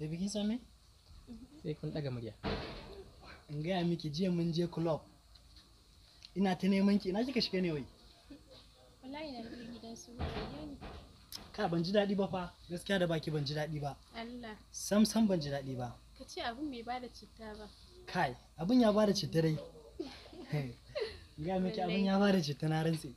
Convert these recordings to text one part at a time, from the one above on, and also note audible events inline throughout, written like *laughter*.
Da bikin same? Mhm. Sai kun daga murya. In gaya miki jiya mun je club. Ina ta neman ki, ina kika shiga ne wai? Wallahi na rufe gidan su ne. Ka ban ji daɗi ba fa, gaskiya da baki ban ji daɗi ba. Allah. Sam sam ban ji daɗi ba. Ka ce abun bai bada citta ba. Kai, abun ya bada citta dai. *laughs* Gaya miki abun ya bada citta na rantsi.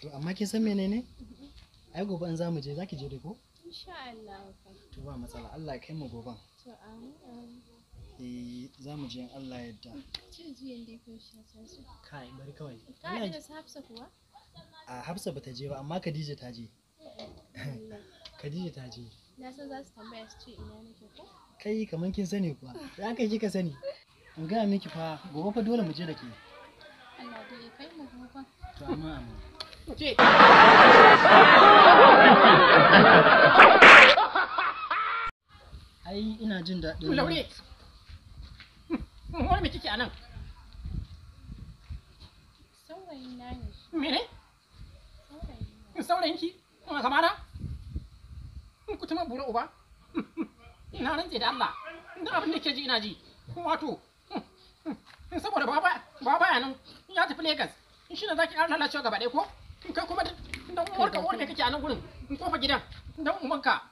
To amma kin san menene? Mhm. Ai gobe an za mu je, za ki je dai ko? Insha Allah. to ba matsala Allah ya kai mu goban to amin eh za mu je in Allah ya yarda ce zuyen da yake shi sai kai bari kawai da Hafsa kuwa a Hafsa bata je ba amma Khadija ta je *laughs* Khadija ta je na san za su tambaya su ce ina nake ko kai kaman kin sani kuwa za ka kika sani An ga miki fa gobe fa dole mu je da ke Allah da kai mu gobe to amma amma ce *laughs* ai ina jin daɗin laure *laughs* wani me kike anan saurayin na ne mene saurayin ki kuma kamana ku tuma buru uba *laughs* ina rantse da Allah duk abin da ke ji ina ji wato *laughs* saboda baba baba ya nan ya tafi Lagos shi ne zaki lalacewa gaba ɗaya ko kai kuma dan uwarka uwar me kake a nan gurin kofar gidan dan umanka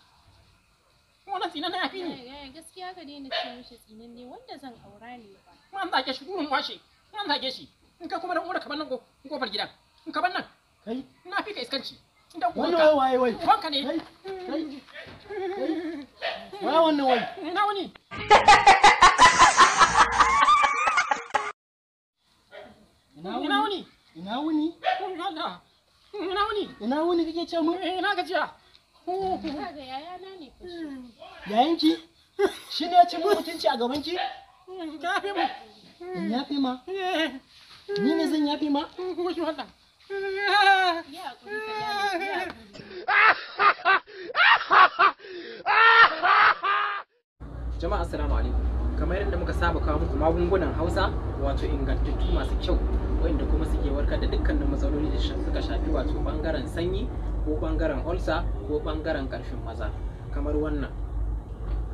wannan tsinan ya fi ni gaskiya ka daina ce mishi ne wanda zan aura ne ba man zage shi durin washe man zage shi in kai kuma na uwar ka nan kofar gidan in ka bar kai na fi ka iskanci wani. uwan ka wai wai uwan ka ne kai kai wai wannan wai na wani ina wuni ina wuni ina wuni ina wuni ina wuni kake ce mu eh, ina gajiya yayin yanki, shi ne cin mutunci a gaban ki ka fi ma ya fi ma ni ne zan ya fi ma kuma ki hada jama'a assalamu alaikum kamar yadda muka saba kawo muku magungunan hausa wato ingantattu masu kyau wanda kuma suke warkar da dukkanin matsaloli da suka shafi wato bangaren sanyi ko bangaren ulcer ko ɓangaren karfin maza kamar wannan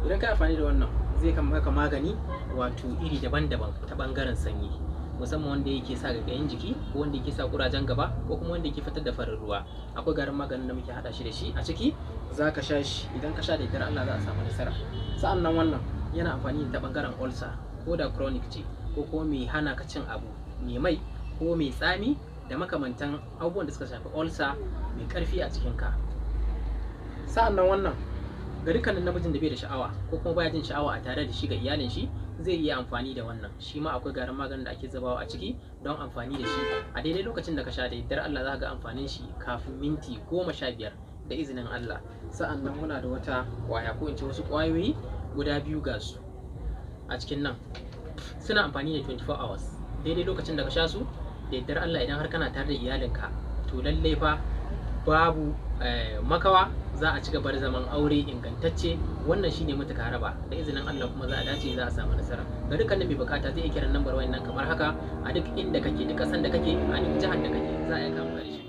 idan ka amfani da wannan zai maka magani wato iri daban-daban ta ɓangaren sanyi musamman wanda yake sa gagayen jiki ko wanda yake sa kurajen gaba ko kuma wanda yake fitar da farin ruwa akwai garin maganin da muke hada shi da shi a ciki za ka sha shi idan ka sha da idan Allah za a samu nasara sa'an nan wannan yana amfani ta bangaren ulcer ko da chronic ce ko kuma mai hana ka cin abu mai mai ko mai tsami da makamantan abubuwan da suka shafi olsa mai karfi a cikin ka sa'an nan wannan ga dukkanin namijin da bai da sha'awa ko kuma baya jin sha'awa a tare da shi ga iyalin shi zai iya amfani da wannan shi ma akwai garin maganin da ake zubawa a ciki don amfani da shi a daidai lokacin da ka sha da yaddar Allah za ka ga amfanin shi kafin minti goma sha biyar da izinin Allah sa'an nan muna da wata kwaya ko in ce wasu kwayoyi guda biyu ga su a cikin nan suna amfani da 24 hours daidai lokacin da ka sha su da yaddar Allah idan har kana tare da iyalinka to lallai fa babu eh, makawa za a ci gaba da zaman aure ingantacce wannan shine mata raba da izinin Allah kuma za a dace za a samu nasara ga dukkanin mai bukata zai iya kiran lambar wayannan kamar haka a duk inda kake duk kasan da kake a duk jihar da kake za a yi kama shi